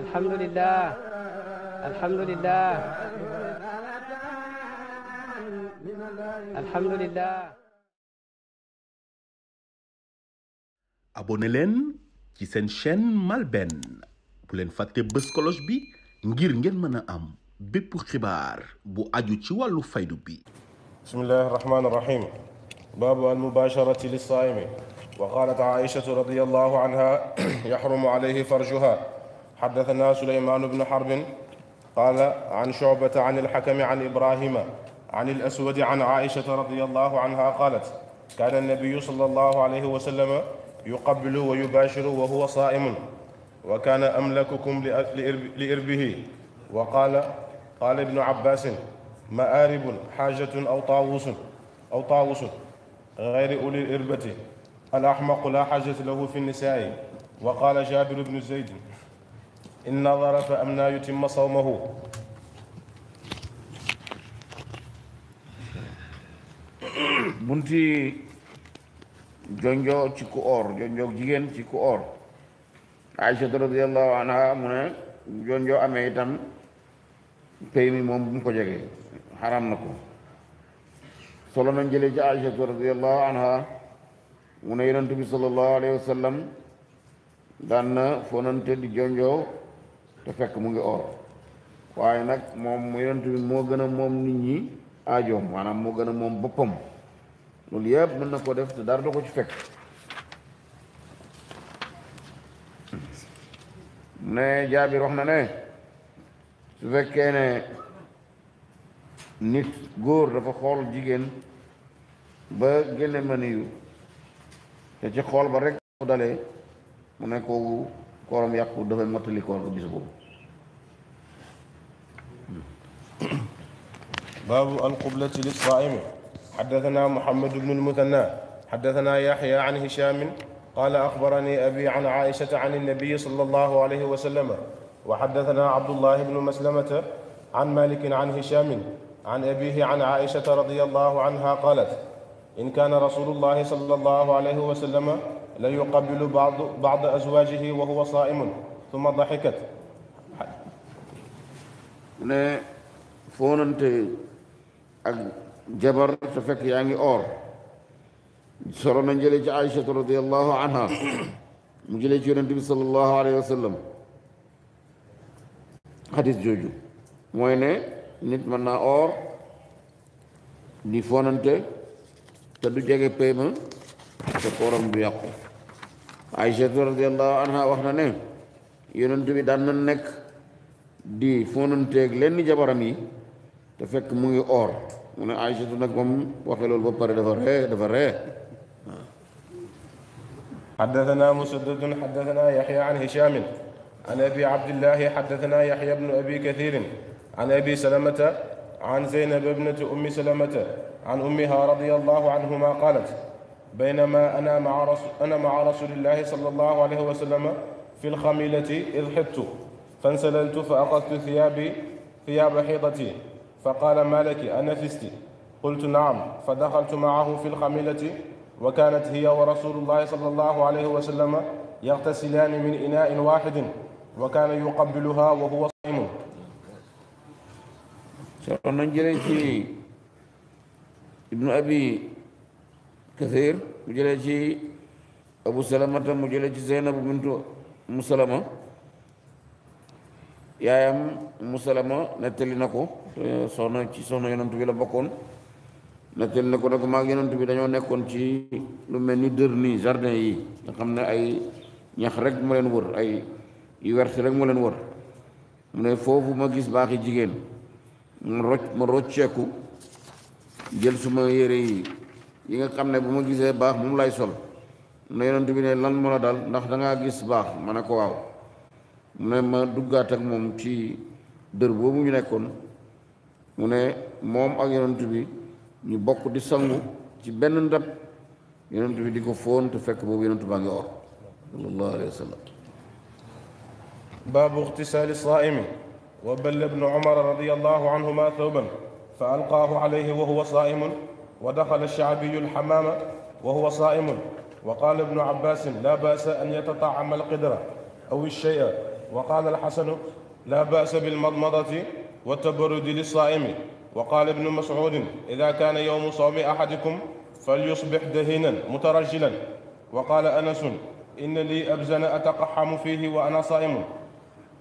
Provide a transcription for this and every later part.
alhamdulilah alhamdulilah alhamdulilah abonné leen ci seen chaîne MALBN bu leen fàtte bës bi ngir ngeen mën a am bépp xibaar bu aju ci wàllu faydu bi bismillahi rahmaani baabu al mubasharati lissaayimi وقالت عائشة رضي الله عنها يحرم عليه فرجها حدثنا سليمان بن حرب قال عن شعبة عن الحكم عن إبراهيم عن الأسود عن عائشة رضي الله عنها قالت كان النبي صلى الله عليه وسلم يقبل ويباشر وهو صائم وكان أملككم لإربه وقال قال ابن عباس مآرب حاجة أو طاووس أو طاووس غير أولي الإربة الأحمق لا حاجة له في النساء وقال جابر بن زيد إن نظر فأمنى يتم صومه bunti jonjoo ci ku or jonjoo jigéen ci ku or Aïsata radiyallahu anha mu ne jonjoo amee itam pay mi moom bu mu ko jege xaram na ko solo nañ jëlee ci Aïsata radiyallahu anha mu ne yonent bi sallallahu alayhi wa daan na fonante di jonjoo te fekk mu ngi or waaye nag moom yonent bi moo gën a moom nit ñi aajoom maanaam moo gën a moom boppam loolu yëpp mën na ko def te dara du ko ci fekk ne jaabir wax na ne su fekkee ne nit góor dafa xool jigéen ba génne maniyu te ci xool ba rek bu dalee mu ne kooku kooram yàqu dafay mottali koor ba bis boobu baabu alqublati lissaa'imi xaddasanaa muhammad bnu lmusanna xaddasanaa yaxya an hishaam qaala axbarani abi an aishata an annabiyi sala allahu alayhi wa sallama wa xaddasanaa abdullahi bnu maslamata an malikin an hishaam an abihi an aishata radiallahu anha qaalat إن كان رسول الله صلى الله عليه وسلم لا يقبل بعض بعض أزواجه وهو صائم ثم ضحكت ne foonante ak jabar te fekk yaa ngi or solo na jëlee ci Aïchatu radiyallahu anha mu jëlee ci yonent bi sallallahu alayhi wa sallam xadis jooju mooy ne nit mën naa or di foonante te du jege paiement te kooram du yàqu Aïchatu radiallahu anha wax na bi daan nekk di fonanteeg lenn jabaram yi te fekk mu ngi or mu ne Aïchatu nag moom waxee loolu ba pare dafa ree dafa ree حدثنا مسدد حدثنا يحيى عن هشام عن ابي عبد الله حدثنا يحيى بن ابي كثير عن ابي سلمه عن عن أمها رضي الله عنهما قالت بينما أنا مع رسول أنا مع رسول الله صلى الله عليه وسلم في الخميلة إذ حدت فانسللت فأخذت ثيابي ثياب حيضتي فقال ما لك أنفست قلت نعم فدخلت معه في الخميلة وكانت هي ورسول الله صلى الله عليه وسلم يغتسلان من إناء واحد وكان يقبلها وهو صائم. ibnu abi kathir mu jëlee ci abu salamata mu jëlee ci zeynabu bintu musalama yaayam musalama nettali na ko soxna ci soxna yonantu bi la bokkoon nettali na ko nag maag yonantu bi dañoo nekkoon ci lu mel ni dër nii jardin yi nga xam ne ay ñax rek moo leen wër ay yu wert rek moo leen wër mu ne foofu ma gis baaxi jigéen ma rocc ma rocceeku jël suma yére yi yi nga xam ne bu ma gisee baax moom lay sol mu ne yonent bi ne lan moo la dal ndax dangaa gis baax ma ne ko waaw mu ne ma duggaat ak moom ci dër boobu ñu nekkoon mu ne moom ak yonent bi ñu bokk di sangu ci benn ndab yonent bi di ko fóon fekk boobu yonent baa ngi or sallallahu alayhi wa wa bal fa alqaahu alayhi wa huwa saaimun wa daxala shaabiyu alxamaama wa huwa saaimun wa qaala ibnu abbaasin laa baasa an yatataama alqidra aw alshay'a wa qaala alxasanu laa baasa bilmadmadati wa tabarudi lilsaaimi wa qaala ibnu mascuudin ida kaana yowmu sawmi axadikum falyusbix dahinan mutarajilan wa qaala anasun inna lii abzana ataqaxamu fiihi wa ana saaimun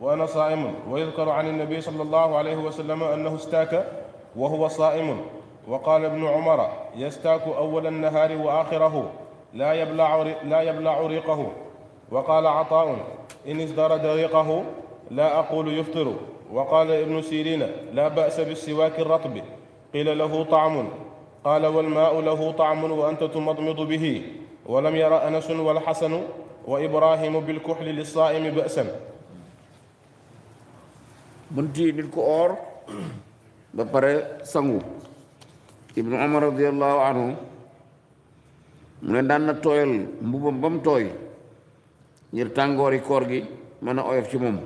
wa ana saaimun wa yudkaru an annabi sal allahu alayhi wa sallam annahu staaka wa huwa saaimun wa qaala ibnu umara yastaaku awala annahaari wa aaxirahu laa yabla'u riiqahu wa qaala ataa'un in isdarada riiqahu laa aqulu yuftiru wa qaala ibnu siriina laa ba'sa bisiwaaki ratbi qiila lahu tacmun qaala walmaau lahu tacmun wa anta tumadmidu bihi wa lam yara anasun walxasanu wa ibrahimu bilkuxli lisaaimi ba'san bunti nit ku oor ba pare sangu ibnu umar radiallahu anhu mu ne daan na tooyal mbubbam ba mu tooy ngir tàngoori koor gi mën a oyof ci moom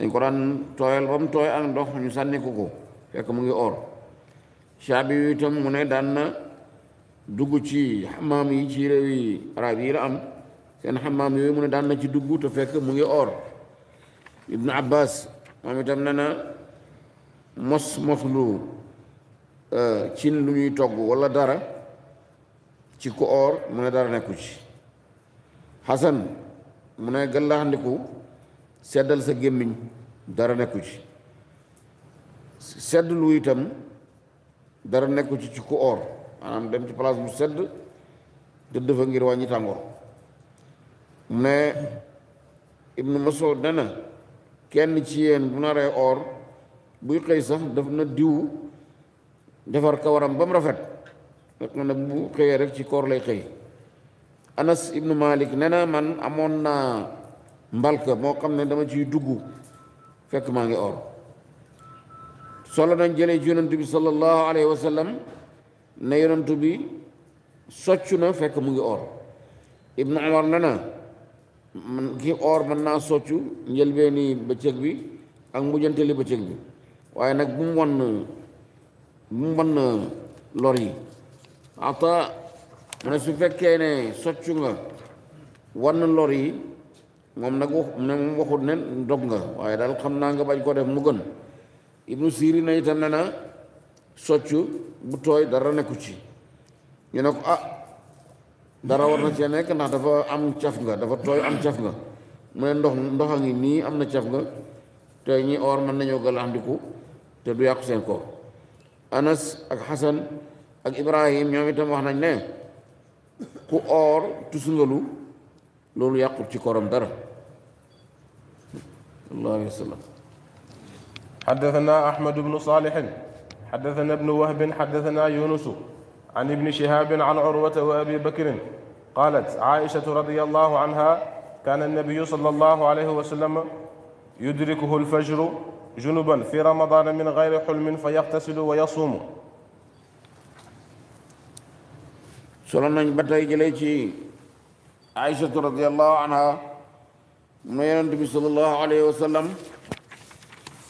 dañ ko daan tooyal ba mu tooy ak ndox ñu sànni ko fekk mu ngi or shaabi yu itam mu ne daan na dugg ci xamaam yi ci réew yi arab yi la am seen xamaam yooyu mu ne daan na ci dugg te fekk mu ngi or ibnu abbas moom itam ne mos moslu euh, cin lu ñuy togg wala dara ci ku oor mu ne dara nekku ci xasan mu ne gàllaxndiku seddal sa gémmiñ dara nekku ci sedd lu itam dara nekku ci ci ku oor maanaam dem ci place bu sedd dëdd fa ngir wàññi tàngoor mu ne ibnu Mas'ud ne na kenn ci yéen bu naree oor buy xëy sax daf na diw defar kawaram ba mu rafet fekk na bu xëyee rek ci koor lay xëy anas ibnu malik nee na man amoon naa mbalka moo xam ne dama ciy dugg fekk maa ngi or solo nañ jële ci yonantu bi sallallahu alayhi wa ne yonantu bi soccu na fekk mu ngi or ibnu umar ne na man ki or mën naa soccu ni bëccëg bi ak mujjanteli bëccëg bi waaye nag bu mu wan bu mu wan lor yi ata mu ne su fekkee ne soccu nga wan lor yi moom nag wax ne moom waxut ne dog nga waaye daal xam naa nga bañ ko def mu gën ibnu sirin na itam ne na soccu bu tooy dara nekku ci ñu ne ko ah dara war na see nekk ndax dafa am caf nga dafa tooy am caf nga mu ne ndox ndox a ngi nii am na caf nga te ñi or mën nañoo galaandiku te du yàqu seen koor anas ak xasan ak ibrahim ñoom itam wax nañ ne ku oor tusungalu loolu yàqut ci kooram dara sallallahu alayhi wa sallam حدثنا أحمد بن صالح حدثنا ابن وهب حدثنا يونس عن ابن شهاب عن عروة وأبي بكر قالت عائشة رضي الله عنها كان النبي صلى الله عليه وسلم يدركه الفجر junuban fi ramadana min gayri xulmin fa yaxtasilu wa yasuumu solo nañ ba tey jëlee ci aïchatu radiallahu anha mu ne yonent bi salallahu alayhi wa sallam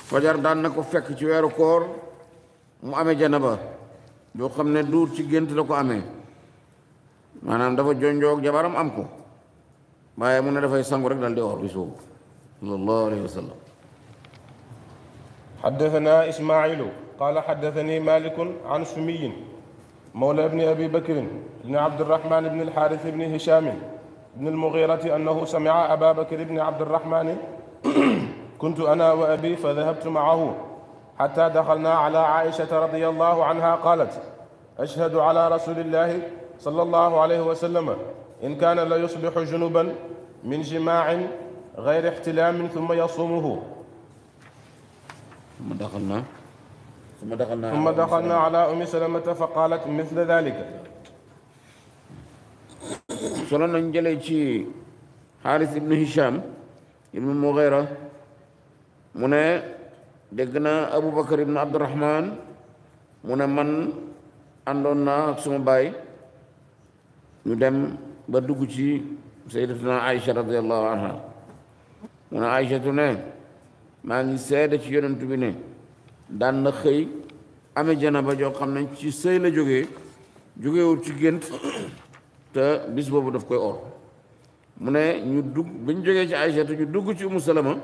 fajar daan na ko fekk ci weeru koor mu amee janaba yoo xam ne duur ci gént la ko amee maanaam dafa jonjoog jabaram am ko waaye mu ne dafay sangu rek dal di or bi suubu salallahu alayhi wa sallam حدثنا إسماعيل قال حدثني مالك عن سمي مولى بن أبي بكر بن عبد الرحمن بن الحارث بن هشام بن المغيرة أنه سمع أبا بكر بن عبد الرحمن كنت أنا وأبي فذهبت معه حتى دخلنا على عائشة رضي الله عنها قالت أشهد على رسول الله صلى الله عليه وسلم إن كان ليصبح جنبا من جماع غير احتلام ثم يصومه ثم دخلنا ثم دخلنا ثم دخلنا على أم سلمة فقالت مثل ذلك solo nañ jëlee ci xaaris ibnu hisham ibnu mughira mu ne dégg na aboubacar ibnu abdurahman mu ne man àndoon naa ak suma baay ñu dem ba dugg ci sayyidatuna aïcha radiallahu anha mu ne aïchatu ne maa ngi seede ci yonent bi ne daan na xëy ame janaba joo xam nañ ci sëy la jóge jógewul ci gént te bis boobu daf koy or mu ne ñu dugg bi jógee ci Aysatu ñu dugg ci Umu Salama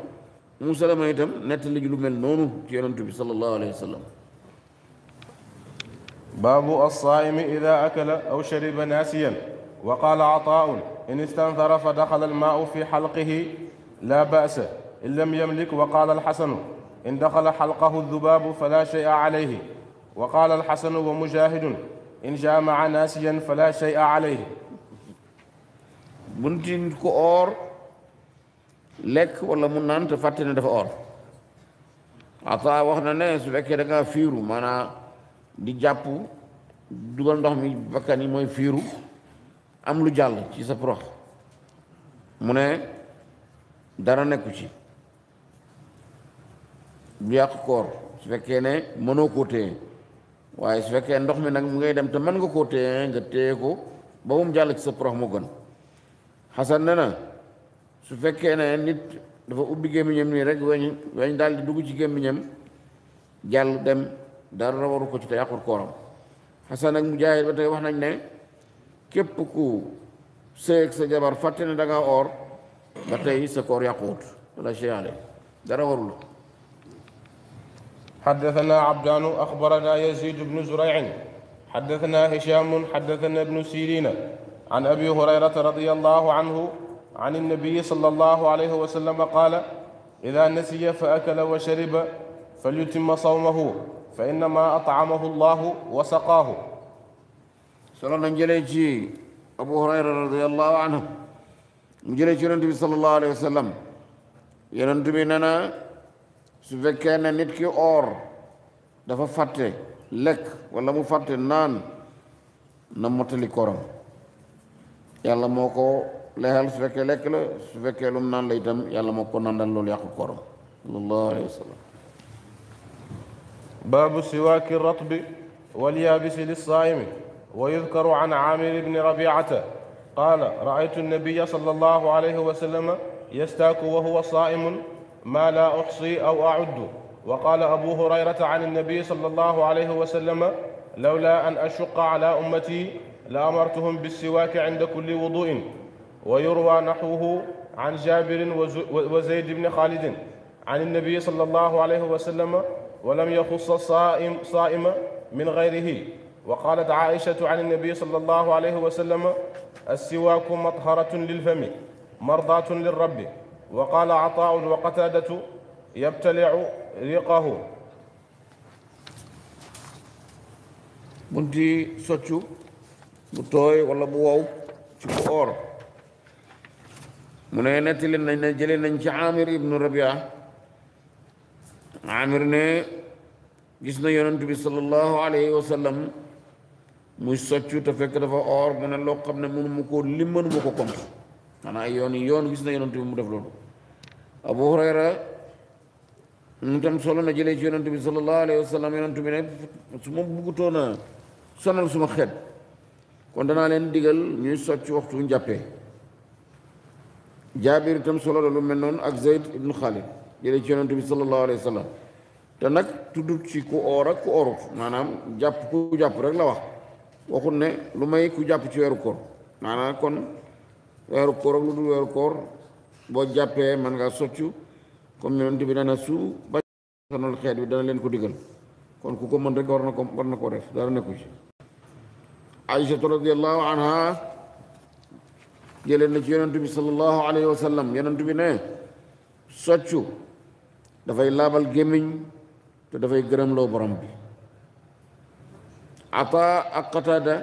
Umu Salama itam nettali lu mel noonu ci yonent bi sallallahu alayhi wa sallam baabu alsaimi ida akala aw shariba naasiyan wa qaala ataaun in istanthara fa daxala almaau fi xalqihi la basa in lam yamlik wa qaala alxasanu in daxala xalqahu dubaabu fala shay'a alayhi wa qaala alxasanu wa mujahidun in jaamaca naasiyan fala shay'a alayhi buntin ku oor lekk wala mu naan te fàtte ne dafa oor ata wax na ne su fekkee da nga fiiru maanaam di jàpp dugal ndox mi bakkan yi mooy fiiru am lu jàll ci sa prox mu ne dara nekku ci du yàqu koor su fekkee ne mënoo koo téye waaye su fekkee ndox mi nag mu ngay dem te mën nga koo téye nga téye ko ba mu jàll ci sa prox mu gën xasan ne na su fekkee ne nit dafa ubbi gémmiñam nii rek weñ weñ daal di dugg ci gémmiñam jàll dem dara waru ko ci te yàqul kooram xasan mu jaay ba tey wax nañ ne képp ku seeg sa jabar fàtte ne da ngaa oor ba tey sa koor yàquwut wala cheale dara warul حدثنا عبدان أخبرنا يزيد بن زريع حدثنا هشام حدثنا ابن سيرين عن أبي هريرة رضي الله عنه عن النبي صلى الله عليه وسلم قال إذا نسي فأكل وشرب فليتم صومه فإنما أطعمه الله وسقاه صلى الله عليه وسلم أبو هريرة رضي الله عنه mu jëlee ci yonent bi sallallahu alayhi wa sallam yonent bi nee na su ne nit ki oor dafa fàtte lekk walla mu fàtte naan na mottali koram yàlla moo ko leexal su fekkee lekk la su fekkee lum naan la itam moo ko nandal loolu yàqu koram sallallahu alayhi wa sallam baabu siwaaki ratbi walyaabisi an aamir ibni rabiata qaala raaytu annabiya sallallahu alayhi wa wa huwa saaimun ما لا أحصي أو أعد وقال أبو هريرة عن النبي صلى الله عليه وسلم لولا أن أشق على أمتي لأمرتهم بالسواك عند كل وضوء ويروى نحوه عن جابر وزيد بن خالد عن النبي صلى الله عليه وسلم ولم يخص الصائم صائم من غيره وقالت عائشة عن النبي صلى الله عليه وسلم السواك مطهرة للفم مرضاة للرب wa qaala ataaun wa qataadatu yabtaliu riqahu bunti soccu bu tooy wala bu wow ci ku oor mu ne nettali nañ ne jële nañ ci amir ibnu rabia amir ne gis na yonent bi sallallahu alayhi wa sallam muy soccu te fekk dafa oor mu ne loo xam ne mënu mu ko lim mënu mu ko compte xanaa ay yoon yoon gis na yonent mu def loolu abu hurayra mu tam solo na jëlee ci yonent bi sallallahu alayhi wa sallam su ma buggutoon sonal suma xet kon danaa leen digal ñuy socc waxtu jàppe jaabir itam solo la lu mel noonu ak zayd ibnu xaalid jëlee ci yonent bi sallallahu te nag tuddut ci maanaam jàpp jàpp rek la wax waxut ne lu may ku jàpp ci weeru koor maanaam kon weeru koor ak lu dul weeru koor boo jàppee man ngaa soccu comme yonent bi dana su ba sonal xeet bi dana leen ko digal kon ku ko mën rek war na ko war na ko def dara nekku ci aïchatu radiallahu anha jëlee na ci yonent bi sallallahu alayhi wa sallam bi ne soccu dafay laabal gémmiñ te dafay gërëm loo borom bi ata ak qataada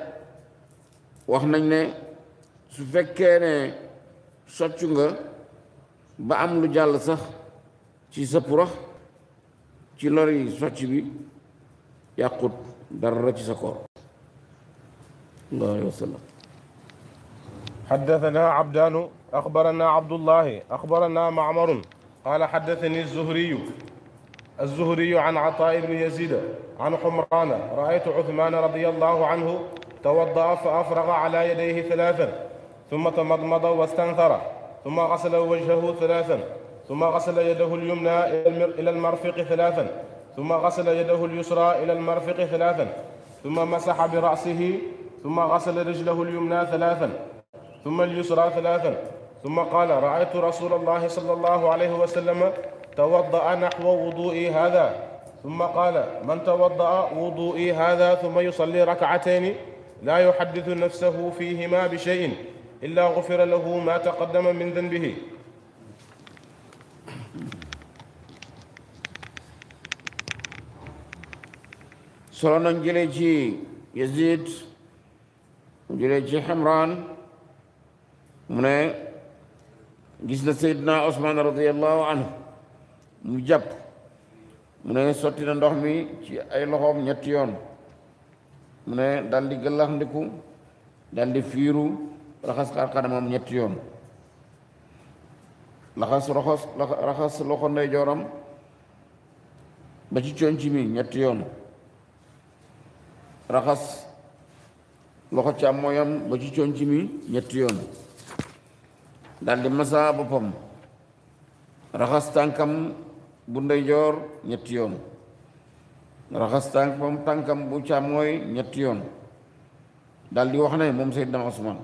wax nañ ne su fekkee ne soccu nga ba am lu jàll sax ci sa purax ci lori socc bi yàqut dara ci sa koor sallallahu alayhi wa sallam حدثنا عبدان أخبرنا عبد الله أخبرنا معمر قال حدثني الزهري الزهري عن عطاء بن يزيد عن حمران رأيت عثمان رضي الله عنه توضأ فأفرغ على يديه ثلاثا ثم تمضمض واستنثر ثم غسل وجهه ثلاثا ثم غسل يده اليمنى إلى المرفق ثلاثا ثم غسل يده اليسرى إلى المرفق ثلاثا ثم مسح برأسه ثم غسل رجله اليمنى ثلاثا ثم اليسرى ثلاثا ثم قال رأيت رسول الله صلى الله عليه وسلم توضأ نحو وضوئي هذا ثم قال من توضأ وضوئي هذا ثم يصلي ركعتين لا يحدث نفسه فيهما بشيء illaa gufira lahu ma taqaddama min danbihi solo nañ jëlee ci Yazid mu mu ne gis na Seydina Osmaan anhu mu jàpp mu ne sotti na ndox mi ci ay loxoom ñetti mu ne daldi gëllax ndiku fiiru raxas xar kanamam ñetti yoon laxas roxos raxas loxo ndeyjooram ba ci coonc mi ñetti yoon raxas loxo càmmooyam ba ci coonc mi ñetti yoon daldi masa boppam raxas tànkam bu ndeyjoor ñetti yoon raxas tànkam tànkam bu càmmooy ñetti yoon di wax na ne moom Seydina Usmaan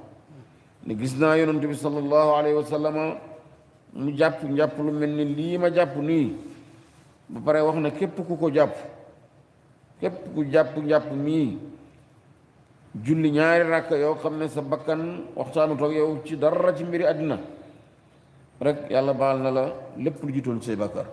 ne gis naa yonent bi sallallahu alayhi wa sallam mu jàpp njàpp lu mel ni lii ma jàpp nii ba pare wax na képp ku ko jàpp képp ku jàpp njàpp mii julli ñaari ràkk yoo xam ne sa bakkan waxtaanu toog yow ci dara ci mbiri àddina rek yàlla baal na la lépp lu jiitoon say bàkkaar